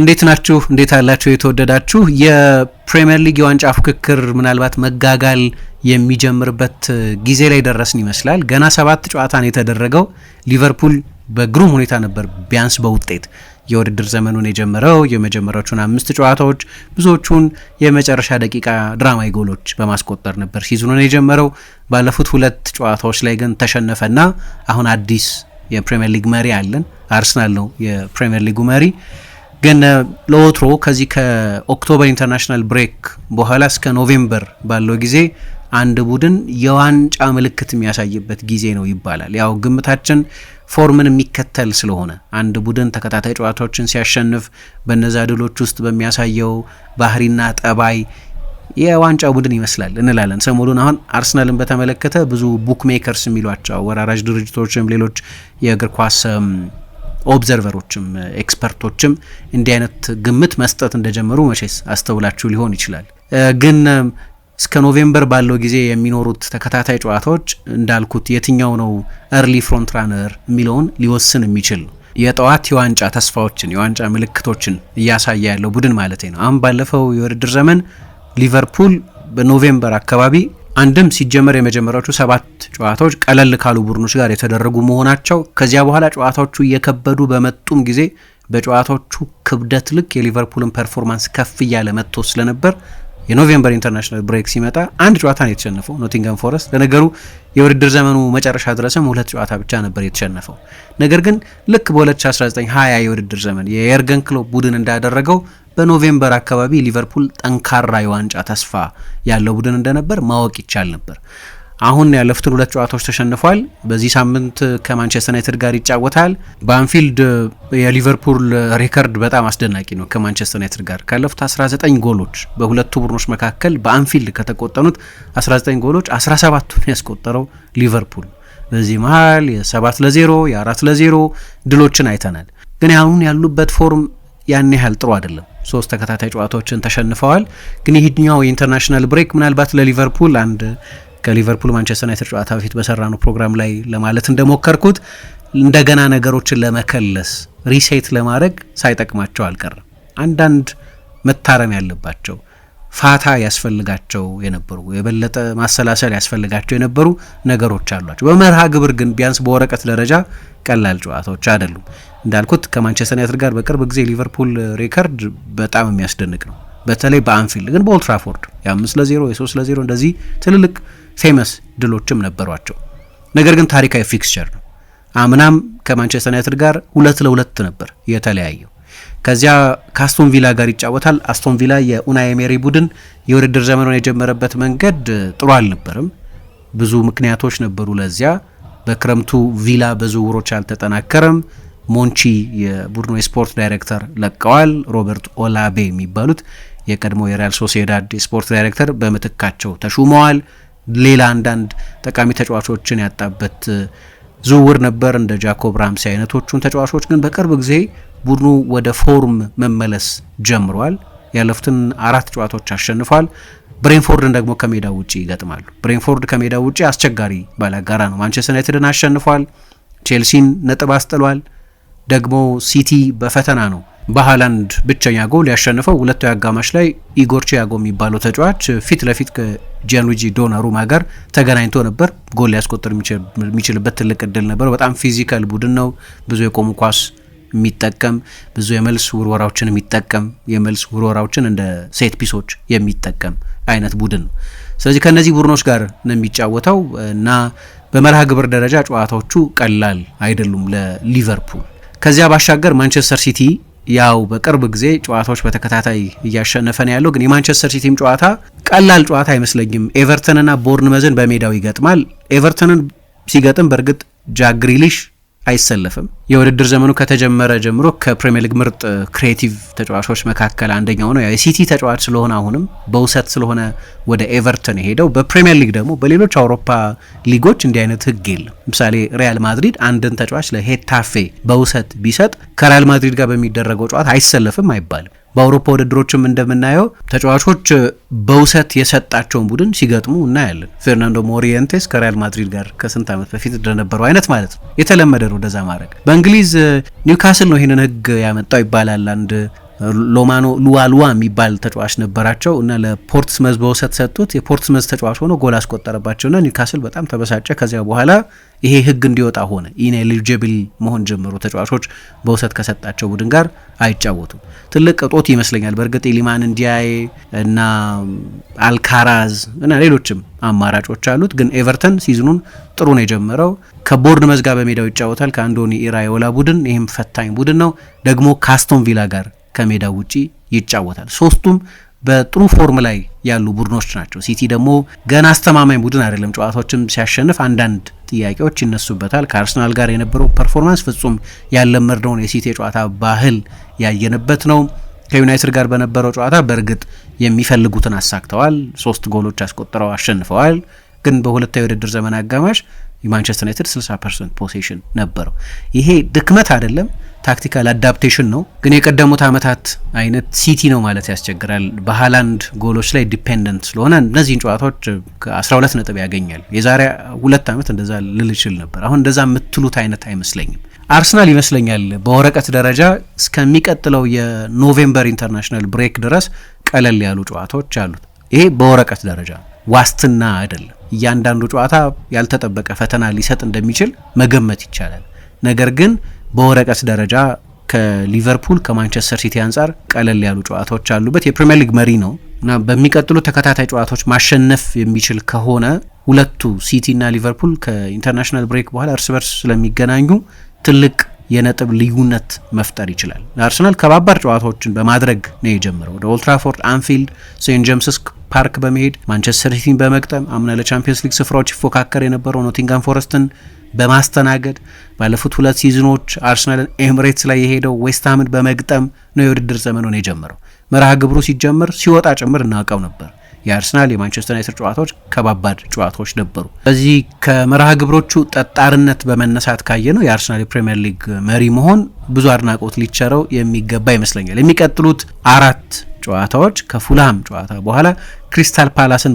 እንዴት ናችሁ? እንዴት አላችሁ? የተወደዳችሁ የፕሪምየር ሊግ የዋንጫ ፉክክር ምናልባት መጋጋል የሚጀምርበት ጊዜ ላይ ደረስን ይመስላል። ገና ሰባት ጨዋታ ነው የተደረገው። ሊቨርፑል በግሩም ሁኔታ ነበር ቢያንስ በውጤት የውድድር ዘመኑን የጀመረው የመጀመሪያዎቹን አምስት ጨዋታዎች ብዙዎቹን የመጨረሻ ደቂቃ ድራማዊ ጎሎች በማስቆጠር ነበር ሲዝኑን የጀመረው። ባለፉት ሁለት ጨዋታዎች ላይ ግን ተሸነፈና አሁን አዲስ የፕሪምየር ሊግ መሪ አለን። አርሰናል ነው የፕሪምየር ሊጉ መሪ። ግን ለወትሮ ከዚህ ከኦክቶበር ኢንተርናሽናል ብሬክ በኋላ እስከ ኖቬምበር ባለው ጊዜ አንድ ቡድን የዋንጫ ምልክት የሚያሳይበት ጊዜ ነው ይባላል። ያው ግምታችን ፎርምን የሚከተል ስለሆነ አንድ ቡድን ተከታታይ ጨዋታዎችን ሲያሸንፍ በነዛ ድሎች ውስጥ በሚያሳየው ባህሪና ጠባይ የዋንጫ ቡድን ይመስላል እንላለን። ሰሞኑን አሁን አርሰናልን በተመለከተ ብዙ ቡክሜከርስ የሚሏቸው ወራራጅ ድርጅቶችም ሌሎች የእግር ኳስ ኦብዘርቨሮችም ኤክስፐርቶችም እንዲህ አይነት ግምት መስጠት እንደጀመሩ መቼስ አስተውላችሁ ሊሆን ይችላል። ግን እስከ ኖቬምበር ባለው ጊዜ የሚኖሩት ተከታታይ ጨዋታዎች እንዳልኩት የትኛው ነው ኤርሊ ፍሮንት ራነር የሚለውን ሊወስን የሚችል ነው። የጠዋት የዋንጫ ተስፋዎችን የዋንጫ ምልክቶችን እያሳየ ያለው ቡድን ማለት ነው። አሁን ባለፈው የውድድር ዘመን ሊቨርፑል በኖቬምበር አካባቢ አንድም ሲጀመር የመጀመሪያዎቹ ሰባት ጨዋታዎች ቀለል ካሉ ቡድኖች ጋር የተደረጉ መሆናቸው ከዚያ በኋላ ጨዋታዎቹ እየከበዱ በመጡም ጊዜ በጨዋታዎቹ ክብደት ልክ የሊቨርፑልን ፐርፎርማንስ ከፍ እያለ መጥቶ ስለነበር የኖቬምበር ኢንተርናሽናል ብሬክ ሲመጣ አንድ ጨዋታ ነው የተሸነፈው ኖቲንገም ፎረስት። ለነገሩ የውድድር ዘመኑ መጨረሻ ድረስም ሁለት ጨዋታ ብቻ ነበር የተሸነፈው። ነገር ግን ልክ በ2019/20 የውድድር ዘመን የኤርገን ክሎፕ ቡድን እንዳደረገው በኖቬምበር አካባቢ ሊቨርፑል ጠንካራ የዋንጫ ተስፋ ያለው ቡድን እንደነበር ማወቅ ይቻል ነበር። አሁን ያለፉትን ሁለት ጨዋታዎች ተሸንፏል። በዚህ ሳምንት ከማንቸስተር ዩናይትድ ጋር ይጫወታል። በአንፊልድ የሊቨርፑል ሬከርድ በጣም አስደናቂ ነው። ከማንቸስተር ዩናይትድ ጋር ካለፉት 19 ጎሎች በሁለቱ ቡድኖች መካከል በአንፊልድ ከተቆጠኑት 19 ጎሎች 17ቱን ያስቆጠረው ሊቨርፑል። በዚህ መሀል የ7 ለ0 የ4 ለ0 ድሎችን አይተናል። ግን አሁን ያሉበት ፎርም ያን ያህል ጥሩ አይደለም። ሶስት ተከታታይ ጨዋታዎችን ተሸንፈዋል። ግን ይህኛው የኢንተርናሽናል ብሬክ ምናልባት ለሊቨርፑል አንድ ከሊቨርፑል ማንቸስተር ዩናይትድ ጨዋታ በፊት ነው ፕሮግራም ላይ ለማለት እንደሞከርኩት እንደገና ነገሮችን ለመከለስ ሪሴት ለማድረግ ሳይጠቅማቸው አልቀርም። አንዳንድ መታረም ያለባቸው ፋታ ያስፈልጋቸው የነበሩ የበለጠ ማሰላሰል ያስፈልጋቸው የነበሩ ነገሮች አሏቸው። በመርሃ ግብር ግን ቢያንስ በወረቀት ደረጃ ቀላል ጨዋታዎች አይደሉም። እንዳልኩት ከማንቸስተር ዩናይትድ ጋር በቅርብ ጊዜ ሊቨርፑል ሪከርድ በጣም የሚያስደንቅ ነው። በተለይ በአንፊልድ ግን በኦልትራፎርድ የአምስት ለዜሮ የሶስት ለዜሮ እንደዚህ ትልልቅ ፌመስ ድሎችም ነበሯቸው። ነገር ግን ታሪካዊ ፊክስቸር ነው። አምናም ከማንቸስተር ዩናይትድ ጋር ሁለት ለሁለት ነበር የተለያየው ከዚያ ከአስቶን ቪላ ጋር ይጫወታል። አስቶን ቪላ የኡናይ ኤመሪ ቡድን የውድድር ዘመኑን የጀመረበት መንገድ ጥሩ አልነበርም። ብዙ ምክንያቶች ነበሩ ለዚያ። በክረምቱ ቪላ በዝውውሮች አልተጠናከረም። ሞንቺ የቡድኑ የስፖርት ዳይሬክተር ለቀዋል። ሮበርት ኦላቤ የሚባሉት የቀድሞ የሪያል ሶሲዳድ የስፖርት ዳይሬክተር በምትካቸው ተሹመዋል። ሌላ አንዳንድ ጠቃሚ ተጫዋቾችን ያጣበት ዝውውር ነበር። እንደ ጃኮብ ራምሲ አይነቶቹን ተጫዋቾች ግን በቅርብ ጊዜ ቡድኑ ወደ ፎርም መመለስ ጀምሯል። ያለፉትን አራት ጨዋታዎች አሸንፏል። ብሬንፎርድን ደግሞ ከሜዳ ውጭ ይገጥማሉ። ብሬንፎርድ ከሜዳ ውጭ አስቸጋሪ ባላጋራ ነው። ማንቸስተር ዩናይትድን አሸንፏል። ቼልሲን ነጥብ አስጥሏል። ደግሞ ሲቲ በፈተና ነው። በሃላንድ ብቸኛ ጎል ያሸንፈው ሁለቱ አጋማሽ ላይ ኢጎር ቺያጎ የሚባለው ተጫዋች ፊት ለፊት ከጂያንሉጂ ዶናሩማ ጋር ተገናኝቶ ነበር። ጎል ሊያስቆጥር የሚችልበት ትልቅ እድል ነበር። በጣም ፊዚካል ቡድን ነው። ብዙ የቆሙ ኳስ የሚጠቀም ብዙ የመልስ ውርወራዎችን የሚጠቀም የመልስ ውርወራዎችን እንደ ሴት ፒሶች የሚጠቀም አይነት ቡድን ነው። ስለዚህ ከእነዚህ ቡድኖች ጋር ነው የሚጫወተው እና በመርሃ ግብር ደረጃ ጨዋታዎቹ ቀላል አይደሉም ለሊቨርፑል። ከዚያ ባሻገር ማንቸስተር ሲቲ ያው በቅርብ ጊዜ ጨዋታዎች በተከታታይ እያሸነፈ ነው ያለው። ግን የማንቸስተር ሲቲም ጨዋታ ቀላል ጨዋታ አይመስለኝም። ኤቨርተንና ቦርንመዝን በሜዳው ይገጥማል። ኤቨርተንን ሲገጥም በእርግጥ ጃግሪሊሽ። አይሰለፍም። የውድድር ዘመኑ ከተጀመረ ጀምሮ ከፕሪሚየር ሊግ ምርጥ ክሬቲቭ ተጫዋቾች መካከል አንደኛው ነው። የሲቲ ተጫዋች ስለሆነ አሁንም በውሰት ስለሆነ ወደ ኤቨርተን የሄደው። በፕሪሚየር ሊግ ደግሞ በሌሎች አውሮፓ ሊጎች እንዲህ አይነት ህግ የለም። ለምሳሌ ሪያል ማድሪድ አንድን ተጫዋች ለሄታፌ በውሰት ቢሰጥ ከሪያል ማድሪድ ጋር በሚደረገው ጨዋታ አይሰለፍም አይባልም። በአውሮፓ ውድድሮችም እንደምናየው ተጫዋቾች በውሰት የሰጣቸውን ቡድን ሲገጥሙ እናያለን። ፌርናንዶ ሞሪየንቴስ ከሪያል ማድሪድ ጋር ከስንት ዓመት በፊት እንደነበረው አይነት ማለት ነው። የተለመደ ነው እንደዛ ማድረግ። በእንግሊዝ ኒውካስል ነው ይህንን ህግ ያመጣው ይባላል አንድ ሎማኖ ሉዋሉዋ የሚባል ተጫዋች ነበራቸው እና ለፖርትስመዝ በውሰት ሰጡት። የፖርትስመዝ ተጫዋች ሆኖ ጎል አስቆጠረባቸው ና ኒውካስል በጣም ተበሳጨ። ከዚያ በኋላ ይሄ ህግ እንዲወጣ ሆነ። ኢንኤሊጅብል መሆን ጀመሩ። ተጫዋቾች በውሰት ከሰጣቸው ቡድን ጋር አይጫወቱም። ትልቅ እጦት ይመስለኛል። በእርግጥ ኢሊማን እንዲያይ እና አልካራዝ እና ሌሎችም አማራጮች አሉት። ግን ኤቨርተን ሲዝኑን ጥሩ ነው የጀመረው። ከቦርድ መዝጋ በሜዳው ይጫወታል ከአንዶኒ ኢራዮላ ቡድን። ይህም ፈታኝ ቡድን ነው። ደግሞ ካስቶን ቪላ ጋር ከሜዳው ውጪ ይጫወታል። ሶስቱም በጥሩ ፎርም ላይ ያሉ ቡድኖች ናቸው። ሲቲ ደግሞ ገና አስተማማኝ ቡድን አይደለም። ጨዋታዎችም ሲያሸንፍ አንዳንድ ጥያቄዎች ይነሱበታል። ከአርሰናል ጋር የነበረው ፐርፎርማንስ ፍጹም ያለመድነውን የሲቲ የጨዋታ ባህል ያየንበት ነው። ከዩናይትድ ጋር በነበረው ጨዋታ በእርግጥ የሚፈልጉትን አሳክተዋል። ሶስት ጎሎች አስቆጥረው አሸንፈዋል። ግን በሁለታዊ የውድድር ዘመን አጋማሽ የማንቸስተር ዩናይትድ 60 ፐርሰንት ፖሴሽን ነበረው። ይሄ ድክመት አይደለም። ታክቲካል አዳፕቴሽን ነው። ግን የቀደሙት ዓመታት አይነት ሲቲ ነው ማለት ያስቸግራል። በሃላንድ ጎሎች ላይ ዲፔንደንት ስለሆነ እነዚህን ጨዋታዎች ከ12 ነጥብ ያገኛል። የዛሬ ሁለት ዓመት እንደዛ ልል ይችል ነበር። አሁን እንደዛ የምትሉት አይነት አይመስለኝም። አርሰናል ይመስለኛል በወረቀት ደረጃ እስከሚቀጥለው የኖቬምበር ኢንተርናሽናል ብሬክ ድረስ ቀለል ያሉ ጨዋታዎች አሉት። ይሄ በወረቀት ደረጃ ዋስትና አይደለም። እያንዳንዱ ጨዋታ ያልተጠበቀ ፈተና ሊሰጥ እንደሚችል መገመት ይቻላል። ነገር ግን በወረቀት ደረጃ ከሊቨርፑል ከማንቸስተር ሲቲ አንጻር ቀለል ያሉ ጨዋታዎች አሉበት። የፕሪምየር ሊግ መሪ ነው እና በሚቀጥሉ ተከታታይ ጨዋታዎች ማሸነፍ የሚችል ከሆነ ሁለቱ ሲቲ እና ሊቨርፑል ከኢንተርናሽናል ብሬክ በኋላ እርስ በርስ ስለሚገናኙ ትልቅ የነጥብ ልዩነት መፍጠር ይችላል። አርሰናል ከባባድ ጨዋታዎችን በማድረግ ነው የጀመረው። ወደ ኦልትራፎርድ፣ አንፊልድ፣ ሴንት ጀምስስ ፓርክ በመሄድ ማንቸስተር ሲቲን በመግጠም አምና ለቻምፒየንስ ሊግ ስፍራዎች ይፎካከር የነበረው ኖቲንጋም ፎረስትን በማስተናገድ ባለፉት ሁለት ሲዝኖች አርሰናልን ኤምሬትስ ላይ የሄደው ዌስትሃምን በመግጠም ነው የውድድር ዘመኑን የጀመረው። መርሃ ግብሩ ሲጀምር ሲወጣ ጭምር እናውቀው ነበር። የአርሰናል የማንቸስተር ዩናይትድ ጨዋታዎች ከባባድ ጨዋታዎች ነበሩ። በዚህ ከመርሃ ግብሮቹ ጠጣርነት በመነሳት ካየ ነው የአርሰናል የፕሪምየር ሊግ መሪ መሆን ብዙ አድናቆት ሊቸረው የሚገባ ይመስለኛል። የሚቀጥሉት አራት ጨዋታዎች ከፉላም ጨዋታ በኋላ ክሪስታል ፓላስን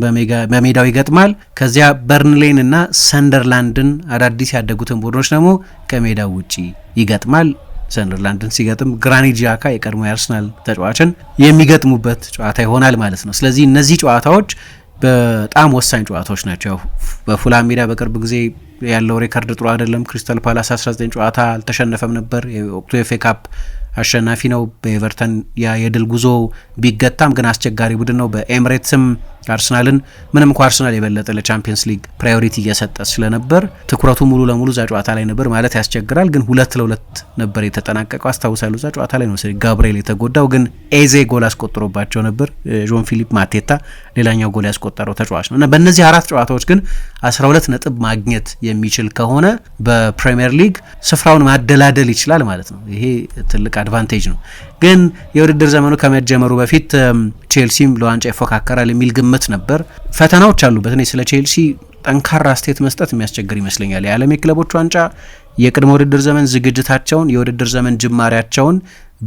በሜዳው ይገጥማል። ከዚያ በርንሌን እና ሰንደርላንድን አዳዲስ ያደጉትን ቡድኖች ደግሞ ከሜዳው ውጪ ይገጥማል። ሰንደርላንድን ሲገጥም ግራኒት የቀድሞ የአርሰናል ተጫዋችን የሚገጥሙበት ጨዋታ ይሆናል ማለት ነው። ስለዚህ እነዚህ ጨዋታዎች በጣም ወሳኝ ጨዋታዎች ናቸው። በፉላም ሜዳ በቅርብ ጊዜ ያለው ሬከርድ ጥሩ አይደለም። ክሪስታል ፓላስ 19 ጨዋታ አልተሸነፈም ነበር። የወቅቱ ኤፍ ኤ ካፕ አሸናፊ ነው። በኤቨርተን ያ የድል ጉዞ ቢገታም ግን አስቸጋሪ ቡድን ነው። በኤምሬትስም አርሰናልን ምንም እንኳ አርሰናል የበለጠ ለቻምፒየንስ ሊግ ፕራዮሪቲ እየሰጠ ስለነበር ትኩረቱ ሙሉ ለሙሉ እዛ ጨዋታ ላይ ነበር ማለት ያስቸግራል። ግን ሁለት ለሁለት ነበር የተጠናቀቀው አስታውሳለሁ። እዛ ጨዋታ ላይ ነው ጋብርኤል የተጎዳው፣ ግን ኤዜ ጎል አስቆጥሮባቸው ነበር። ዦን ፊሊፕ ማቴታ ሌላኛው ጎል ያስቆጠረው ተጫዋች ነው እና በእነዚህ አራት ጨዋታዎች ግን 12 ነጥብ ማግኘት የሚችል ከሆነ በፕሪሚየር ሊግ ስፍራውን ማደላደል ይችላል ማለት ነው። ይሄ ትልቅ አድቫንቴጅ ነው። ግን የውድድር ዘመኑ ከመጀመሩ በፊት ቼልሲም ለዋንጫ ይፎካከራል የሚል ግምት አመት ነበር። ፈተናዎች አሉበት። እኔ ስለ ቼልሲ ጠንካራ ስቴት መስጠት የሚያስቸግር ይመስለኛል። የዓለም የክለቦች ዋንጫ የቅድመ ውድድር ዘመን ዝግጅታቸውን የውድድር ዘመን ጅማሪያቸውን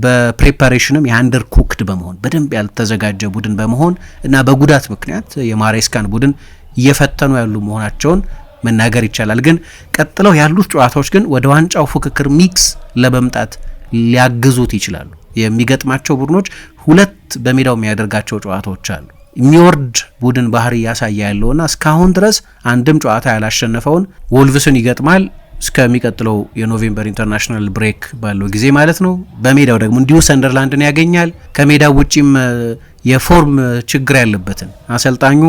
በፕሬፓሬሽንም የአንደር ኩክድ በመሆን በደንብ ያልተዘጋጀ ቡድን በመሆን እና በጉዳት ምክንያት የማሬስካን ቡድን እየፈተኑ ያሉ መሆናቸውን መናገር ይቻላል። ግን ቀጥለው ያሉት ጨዋታዎች ግን ወደ ዋንጫው ፉክክር ሚክስ ለመምጣት ሊያግዙት ይችላሉ። የሚገጥማቸው ቡድኖች ሁለት በሜዳው የሚያደርጋቸው ጨዋታዎች አሉ። የሚወርድ ቡድን ባህሪ እያሳየ ና እስካሁን ድረስ አንድም ጨዋታ ያላሸነፈውን ወልቭስን ይገጥማል እስከሚቀጥለው የኖቬምበር ኢንተርናሽናል ብሬክ ባለው ጊዜ ማለት ነው። በሜዳው ደግሞ እንዲሁ ሰንደርላንድን ያገኛል። ከሜዳው ውጪም የፎርም ችግር ያለበትን አሰልጣኙ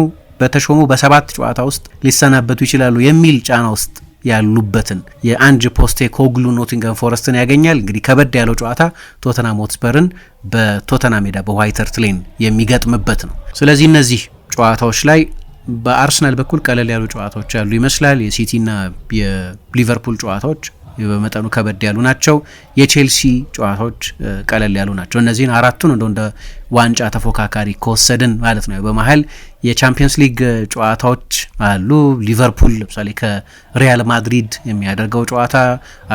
በተሾሙ በሰባት ጨዋታ ውስጥ ሊሰናበቱ ይችላሉ የሚል ጫና ውስጥ ያሉበትን የአንጅ ፖስቴ ኮግሉ ኖቲንገም ፎረስትን ያገኛል። እንግዲህ ከበድ ያለው ጨዋታ ቶተናም ሆትስፐርን በቶተና ሜዳ በዋይት ሃርት ሌን የሚገጥምበት ነው። ስለዚህ እነዚህ ጨዋታዎች ላይ በአርሰናል በኩል ቀለል ያሉ ጨዋታዎች ያሉ ይመስላል። የሲቲና የሊቨርፑል ጨዋታዎች በመጠኑ ከበድ ያሉ ናቸው። የቼልሲ ጨዋታዎች ቀለል ያሉ ናቸው። እነዚህን አራቱን እንደ ዋንጫ ተፎካካሪ ከወሰድን ማለት ነው። በመሀል የቻምፒየንስ ሊግ ጨዋታዎች አሉ። ሊቨርፑል ለምሳሌ ከሪያል ማድሪድ የሚያደርገው ጨዋታ፣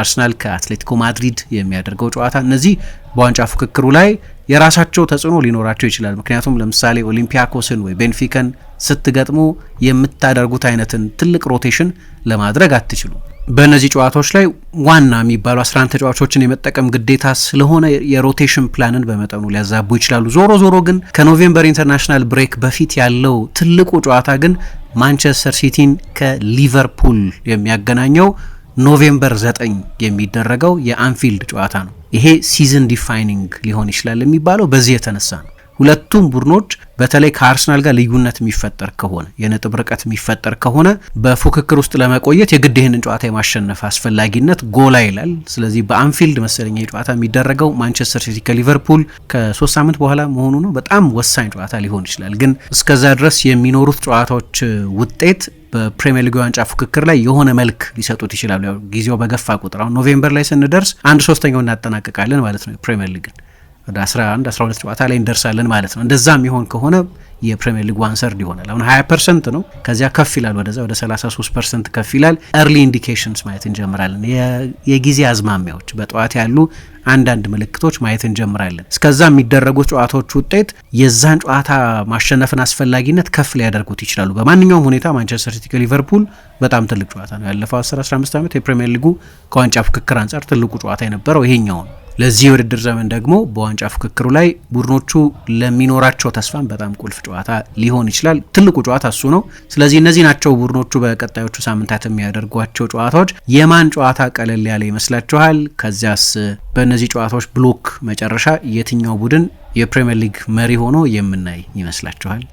አርሰናል ከአትሌቲኮ ማድሪድ የሚያደርገው ጨዋታ፣ እነዚህ በዋንጫ ፉክክሩ ላይ የራሳቸው ተጽዕኖ ሊኖራቸው ይችላል። ምክንያቱም ለምሳሌ ኦሊምፒያኮስን ወይ ቤንፊከን ስትገጥሙ የምታደርጉት አይነትን ትልቅ ሮቴሽን ለማድረግ አትችሉም። በእነዚህ ጨዋታዎች ላይ ዋና የሚባሉ 11 ተጫዋቾችን የመጠቀም ግዴታ ስለሆነ የሮቴሽን ፕላንን በመጠኑ ሊያዛቡ ይችላሉ። ዞ ዞሮ ዞሮ ግን ከኖቬምበር ኢንተርናሽናል ብሬክ በፊት ያለው ትልቁ ጨዋታ ግን ማንቸስተር ሲቲን ከሊቨርፑል የሚያገናኘው ኖቬምበር 9 የሚደረገው የአንፊልድ ጨዋታ ነው። ይሄ ሲዝን ዲፋይኒንግ ሊሆን ይችላል የሚባለው በዚህ የተነሳ ነው። ሁለቱም ቡድኖች በተለይ ከአርሰናል ጋር ልዩነት የሚፈጠር ከሆነ የነጥብ ርቀት የሚፈጠር ከሆነ በፉክክር ውስጥ ለመቆየት የግድ ይህንን ጨዋታ የማሸነፍ አስፈላጊነት ጎላ ይላል። ስለዚህ በአንፊልድ መሰለኛ ጨዋታ የሚደረገው ማንቸስተር ሲቲ ከሊቨርፑል ከሶስት ሳምንት በኋላ መሆኑ ነው። በጣም ወሳኝ ጨዋታ ሊሆን ይችላል። ግን እስከዛ ድረስ የሚኖሩት ጨዋታዎች ውጤት በፕሪሚየር ሊግ ዋንጫ ፉክክር ላይ የሆነ መልክ ሊሰጡት ይችላሉ። ጊዜው በገፋ ቁጥር አሁን ኖቬምበር ላይ ስንደርስ አንድ ሶስተኛው እናጠናቀቃለን ማለት ነው ፕሪሚየር ሊግን ወደ 11 12 ጨዋታ ላይ እንደርሳለን ማለት ነው። እንደዛ የሚሆን ከሆነ የፕሪሚየር ሊግ ዋንሰርድ ይሆናል። አሁን 20 ፐርሰንት ነው፣ ከዚያ ከፍ ይላል፣ ወደዛ ወደ 33 ፐርሰንት ከፍ ይላል። ኤርሊ ኢንዲኬሽንስ ማየት እንጀምራለን። የጊዜ አዝማሚያዎች በጠዋት ያሉ አንዳንድ ምልክቶች ማየት እንጀምራለን። እስከዛ የሚደረጉት ጨዋታዎች ውጤት የዛን ጨዋታ ማሸነፍን አስፈላጊነት ከፍ ሊያደርጉት ይችላሉ። በማንኛውም ሁኔታ ማንቸስተር ሲቲ ከሊቨርፑል በጣም ትልቅ ጨዋታ ነው። ያለፈው 10 15 ዓመት የፕሪሚየር ሊጉ ከዋንጫ ፍክክር አንጻር ትልቁ ጨዋታ የነበረው ይሄኛው ነው። ለዚህ የውድድር ዘመን ደግሞ በዋንጫ ፍክክሩ ላይ ቡድኖቹ ለሚኖራቸው ተስፋም በጣም ቁልፍ ጨዋታ ሊሆን ይችላል። ትልቁ ጨዋታ እሱ ነው። ስለዚህ እነዚህ ናቸው ቡድኖቹ በቀጣዮቹ ሳምንታት የሚያደርጓቸው ጨዋታዎች። የማን ጨዋታ ቀለል ያለ ይመስላችኋል? ከዚያስ በእነዚህ ጨዋታዎች ብሎክ መጨረሻ የትኛው ቡድን የፕሪምየር ሊግ መሪ ሆኖ የምናይ ይመስላችኋል?